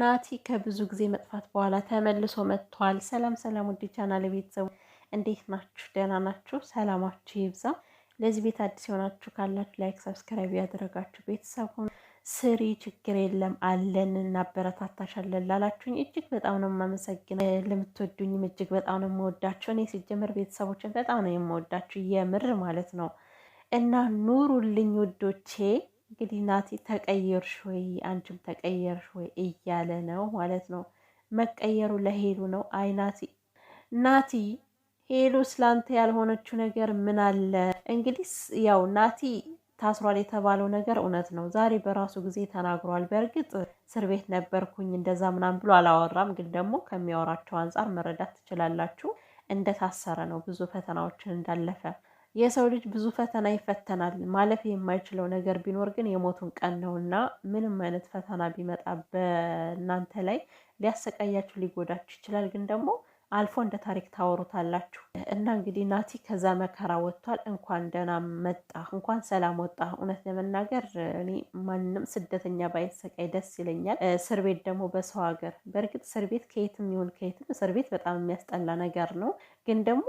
ናቲ ከብዙ ጊዜ መጥፋት በኋላ ተመልሶ መጥቷል። ሰላም ሰላም፣ ውድ ቻናል ቤተሰቡ እንዴት ናችሁ? ደህና ናችሁ? ሰላማችሁ ይብዛ። ለዚህ ቤት አዲስ የሆናችሁ ካላችሁ ላይክ፣ ሰብስክራይብ ያደረጋችሁ ቤተሰብ ሁኑ። ስሪ ችግር የለም አለን እናበረታታሻለን ላላችሁኝ እጅግ በጣም ነው የማመሰግነው። ለምትወዱኝም እጅግ በጣም ነው የምወዳችሁ። እኔ ሲጀምር ቤተሰቦችን በጣም ነው የምወዳችሁ የምር ማለት ነው እና ኑሩልኝ ውዶቼ እንግዲህ ናቲ ተቀየርሽ ወይ አንቺም ተቀየርሽ ወይ እያለ ነው ማለት ነው። መቀየሩ ለሄሉ ነው። አይ ናቲ ናቲ ሄሉ ስላንተ ያልሆነችው ነገር ምን አለ? እንግዲህ ያው ናቲ ታስሯል የተባለው ነገር እውነት ነው። ዛሬ በራሱ ጊዜ ተናግሯል። በእርግጥ እስር ቤት ነበርኩኝ እንደዛ ምናምን ብሎ አላወራም፣ ግን ደግሞ ከሚያወራቸው አንጻር መረዳት ትችላላችሁ እንደታሰረ ነው ብዙ ፈተናዎችን እንዳለፈ የሰው ልጅ ብዙ ፈተና ይፈተናል። ማለፍ የማይችለው ነገር ቢኖር ግን የሞቱን ቀን ነው እና ምንም አይነት ፈተና ቢመጣ በእናንተ ላይ ሊያሰቃያችሁ ሊጎዳችሁ ይችላል ግን ደግሞ አልፎ እንደ ታሪክ ታወሩታላችሁ እና እንግዲህ ናቲ ከዛ መከራ ወጥቷል። እንኳን ደህና መጣ፣ እንኳን ሰላም ወጣ። እውነት ለመናገር እኔ ማንም ስደተኛ ባይሰቃይ ደስ ይለኛል። እስር ቤት ደግሞ በሰው ሀገር፣ በእርግጥ እስር ቤት ከየትም ይሁን ከየትም እስር ቤት በጣም የሚያስጠላ ነገር ነው። ግን ደግሞ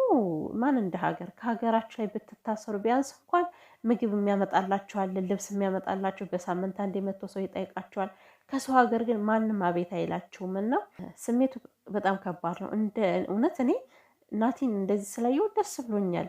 ማን እንደ ሀገር ከሀገራችሁ ላይ ብትታሰሩ ቢያንስ እንኳን ምግብ የሚያመጣላችኋል፣ ልብስ የሚያመጣላችሁ፣ በሳምንት አንድ የመቶ ሰው ይጠይቃችኋል። ከሰው ሀገር ግን ማንም አቤት አይላችሁም እና ስሜቱ በጣም ከባድ ነው። እንደ እውነት እኔ ናቲን እንደዚህ ስላየው ደስ ብሎኛል።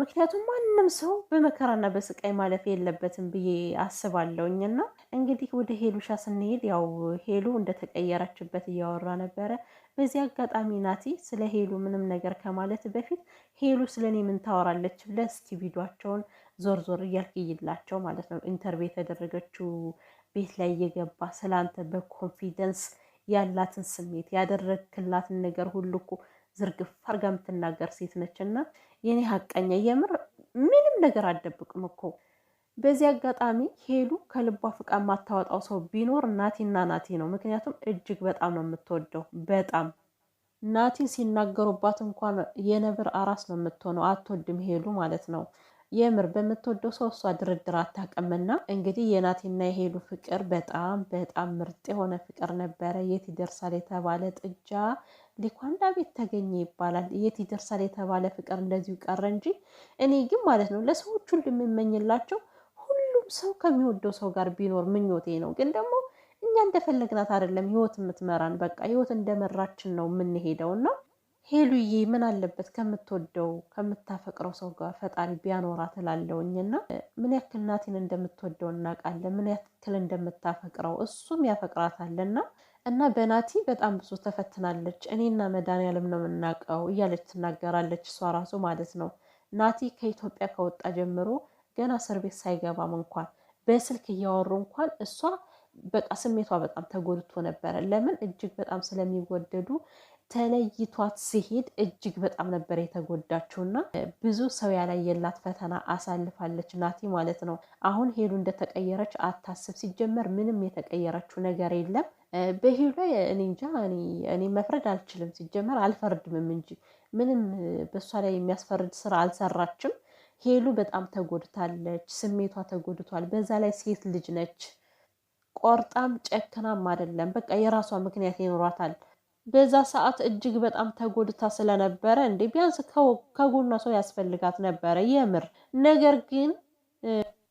ምክንያቱም ማንም ሰው በመከራና በስቃይ ማለፍ የለበትም ብዬ አስባለሁኝ። እና እንግዲህ ወደ ሄሉሻ ስንሄድ ያው ሄሉ እንደተቀየረችበት እያወራ ነበረ። በዚህ አጋጣሚ ናቲ ስለ ሄሉ ምንም ነገር ከማለት በፊት ሄሉ ስለ እኔ ምን ታወራለች ብለህ እስኪ ቪዲዮቸውን ዞር ዞር እያልክ ይላቸው ማለት ነው ኢንተርቪው የተደረገችው ቤት ላይ እየገባ ስለአንተ በኮንፊደንስ ያላትን ስሜት ያደረግክላትን ነገር ሁሉ እኮ ዝርግፍ አርጋ የምትናገር ሴት ነች። እና የኔ ሀቀኛ የምር ምንም ነገር አደብቅም እኮ። በዚህ አጋጣሚ ሄሉ ከልቧ ፍቃ የማታወጣው ሰው ቢኖር ናቲና ናቲ ነው። ምክንያቱም እጅግ በጣም ነው የምትወደው። በጣም ናቲን ሲናገሩባት እንኳን የነብር አራስ ነው የምትሆነው። አትወድም ሄሉ ማለት ነው። የምር በምትወደው ሰው እሷ ድርድር አታውቅምና እንግዲህ የናቴና የሄሉ ፍቅር በጣም በጣም ምርጥ የሆነ ፍቅር ነበረ። የት ይደርሳል የተባለ ጥጃ ሊኳንዳ ቤት ተገኘ ይባላል። የት ይደርሳል የተባለ ፍቅር እንደዚሁ ቀረ እንጂ እኔ ግን ማለት ነው ለሰዎች ሁሉ የምመኝላቸው ሁሉም ሰው ከሚወደው ሰው ጋር ቢኖር ምኞቴ ነው። ግን ደግሞ እኛ እንደፈለግናት አይደለም ህይወት የምትመራን። በቃ ህይወት እንደመራችን ነው የምንሄደው ሄሉዬ ምን አለበት ከምትወደው ከምታፈቅረው ሰው ጋር ፈጣሪ ቢያኖራ ትላለውኝ እና ምን ያክል ናቲን እንደምትወደው እናውቃለን። ምን ያክል እንደምታፈቅረው እሱም ያፈቅራታለ እና እና በናቲ በጣም ብዙ ተፈትናለች። እኔና መድኃኒዓለም ነው የምናውቀው እያለች ትናገራለች። እሷ ራሱ ማለት ነው ናቲ ከኢትዮጵያ ከወጣ ጀምሮ ገና እስር ቤት ሳይገባም እንኳን በስልክ እያወሩ እንኳን እሷ በቃ ስሜቷ በጣም ተጎድቶ ነበረ። ለምን እጅግ በጣም ስለሚወደዱ ተለይቷት ሲሄድ እጅግ በጣም ነበር የተጎዳችው እና ብዙ ሰው ያላየላት ፈተና አሳልፋለች ናቲ ማለት ነው። አሁን ሄሉ እንደተቀየረች አታስብ። ሲጀመር ምንም የተቀየረችው ነገር የለም በሄሉ ላይ እኔ እንጃ እኔ መፍረድ አልችልም። ሲጀመር አልፈርድምም እንጂ ምንም በእሷ ላይ የሚያስፈርድ ስራ አልሰራችም። ሄሉ በጣም ተጎድታለች፣ ስሜቷ ተጎድቷል። በዛ ላይ ሴት ልጅ ነች። ቆርጣም ጨክናም አይደለም። በቃ የራሷ ምክንያት ይኖሯታል። በዛ ሰዓት እጅግ በጣም ተጎድታ ስለነበረ እንዴ ቢያንስ ከጎኗ ሰው ያስፈልጋት ነበረ የምር። ነገር ግን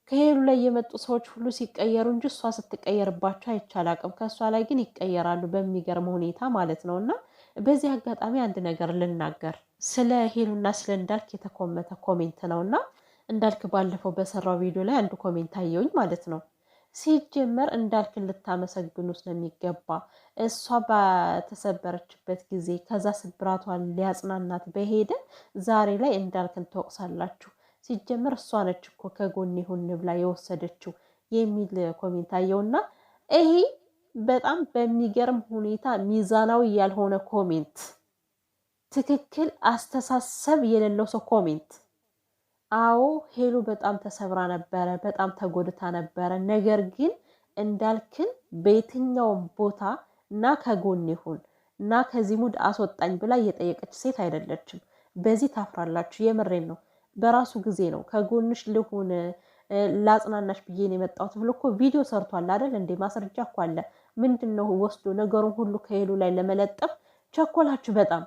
ከሄሉ ላይ የመጡ ሰዎች ሁሉ ሲቀየሩ እንጂ እሷ ስትቀየርባቸው አይቻላቅም። ከእሷ ላይ ግን ይቀየራሉ በሚገርም ሁኔታ ማለት ነው። እና በዚህ አጋጣሚ አንድ ነገር ልናገር ስለ ሄሉና ስለ እንዳልክ የተኮመተ ኮሜንት ነው እና እንዳልክ ባለፈው በሰራው ቪዲዮ ላይ አንዱ ኮሜንት አየውኝ ማለት ነው ሲጀመር እንዳልክን ልታመሰግኑ ስለሚገባ እሷ በተሰበረችበት ጊዜ ከዛ ስብራቷን ሊያጽናናት በሄደ ዛሬ ላይ እንዳልክን ትወቅሳላችሁ። ሲጀመር እሷ ነች እኮ ከጎን ይሁን ብላ የወሰደችው የሚል ኮሜንት አየውና ይሄ በጣም በሚገርም ሁኔታ ሚዛናዊ ያልሆነ ኮሜንት፣ ትክክል አስተሳሰብ የሌለው ሰው ኮሜንት አዎ ሄሉ በጣም ተሰብራ ነበረ፣ በጣም ተጎድታ ነበረ። ነገር ግን እንዳልክን በየትኛውም ቦታ እና ከጎን ይሁን እና ከዚህ ሙድ አስወጣኝ ብላ እየጠየቀች ሴት አይደለችም። በዚህ ታፍራላችሁ። የምሬን ነው። በራሱ ጊዜ ነው ከጎንሽ ልሁን ላጽናናሽ ብዬን የመጣሁት ብሎ እኮ ቪዲዮ ሰርቷል አይደል እንዴ? ማስረጃ እኮ አለ። ምንድን ነው ወስዶ ነገሩን ሁሉ ከሄሉ ላይ ለመለጠፍ ቸኮላችሁ በጣም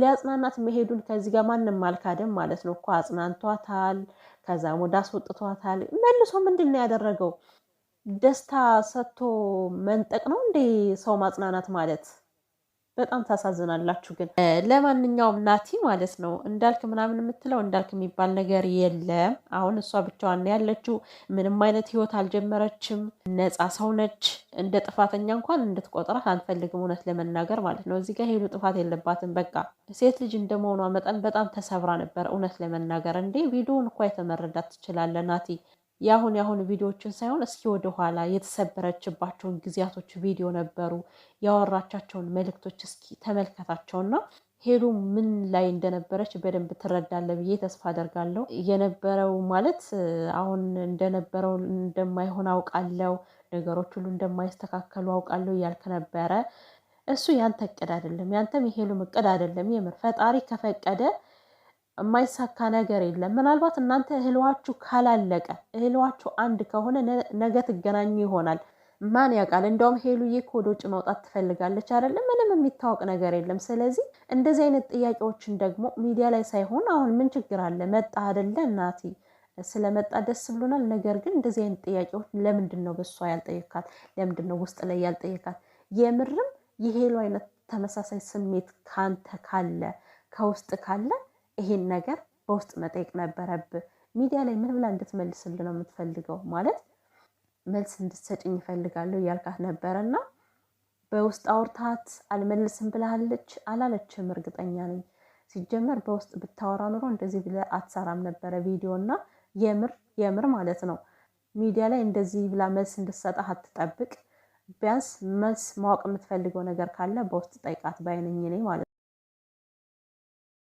ሊያጽናናት መሄዱን ከዚህ ጋር ማንም አልካደም ማለት ነው እኮ አጽናንቷታል። ከዛም ወደ አስወጥቷታል። መልሶ ምንድን ነው ያደረገው? ደስታ ሰጥቶ መንጠቅ ነው እንዴ ሰው ማጽናናት ማለት? በጣም ታሳዝናላችሁ። ግን ለማንኛውም ናቲ ማለት ነው እንዳልክ ምናምን የምትለው እንዳልክ የሚባል ነገር የለም። አሁን እሷ ብቻዋን ያለችው ምንም አይነት ህይወት አልጀመረችም። ነፃ ሰው ነች። እንደ ጥፋተኛ እንኳን እንድትቆጥራት አንፈልግም፣ እውነት ለመናገር ማለት ነው። እዚህ ጋር ሄዱ ጥፋት የለባትም። በቃ ሴት ልጅ እንደመሆኗ መጠን በጣም ተሰብራ ነበር፣ እውነት ለመናገር እንዴ። ቪዲዮውን እኳ የተመረዳት ትችላለ ናቲ የአሁን የአሁን ቪዲዮዎችን ሳይሆን እስኪ ወደኋላ የተሰበረችባቸውን ጊዜያቶች ቪዲዮ ነበሩ። ያወራቻቸውን መልእክቶች እስኪ ተመልከታቸውና ሄሉ ምን ላይ እንደነበረች በደንብ ትረዳለ ብዬ ተስፋ አደርጋለሁ። የነበረው ማለት አሁን እንደነበረው እንደማይሆን አውቃለሁ፣ ነገሮች ሁሉ እንደማይስተካከሉ አውቃለሁ እያልክ ነበረ። እሱ ያንተ እቅድ አይደለም፣ ያንተም የሄሉም እቅድ አይደለም። የምር ፈጣሪ ከፈቀደ የማይሳካ ነገር የለም። ምናልባት እናንተ እህልዋችሁ ካላለቀ እህልዋችሁ አንድ ከሆነ ነገ ትገናኙ ይሆናል። ማን ያውቃል? እንደውም ሄሉዬ እኮ ወደ ውጭ መውጣት ትፈልጋለች አይደለም? ምንም የሚታወቅ ነገር የለም። ስለዚህ እንደዚህ አይነት ጥያቄዎችን ደግሞ ሚዲያ ላይ ሳይሆን አሁን ምን ችግር አለ? መጣ አይደለ? እናቲ ስለመጣ ደስ ብሎናል። ነገር ግን እንደዚህ አይነት ጥያቄዎች ለምንድን ነው በሷ ያልጠየካት? ለምንድን ነው ውስጥ ላይ ያልጠየካት? የምርም የሄሉ አይነት ተመሳሳይ ስሜት ካንተ ካለ ከውስጥ ካለ ይሄን ነገር በውስጥ መጠየቅ ነበረብህ። ሚዲያ ላይ ምን ብላ እንድትመልስልህ ነው የምትፈልገው? ማለት መልስ እንድትሰጭኝ ይፈልጋለሁ እያልካት ነበረና በውስጥ አውርታት አልመልስም ብላለች አላለችም? እርግጠኛ ነኝ። ሲጀመር በውስጥ ብታወራ ኑሮ እንደዚህ ብለህ አትሰራም ነበረ ቪዲዮ እና የምር የምር ማለት ነው። ሚዲያ ላይ እንደዚህ ብላ መልስ እንድትሰጥህ አትጠብቅ። ቢያንስ መልስ ማወቅ የምትፈልገው ነገር ካለ በውስጥ ጠይቃት ባይነኝ እኔ ማለት ነው።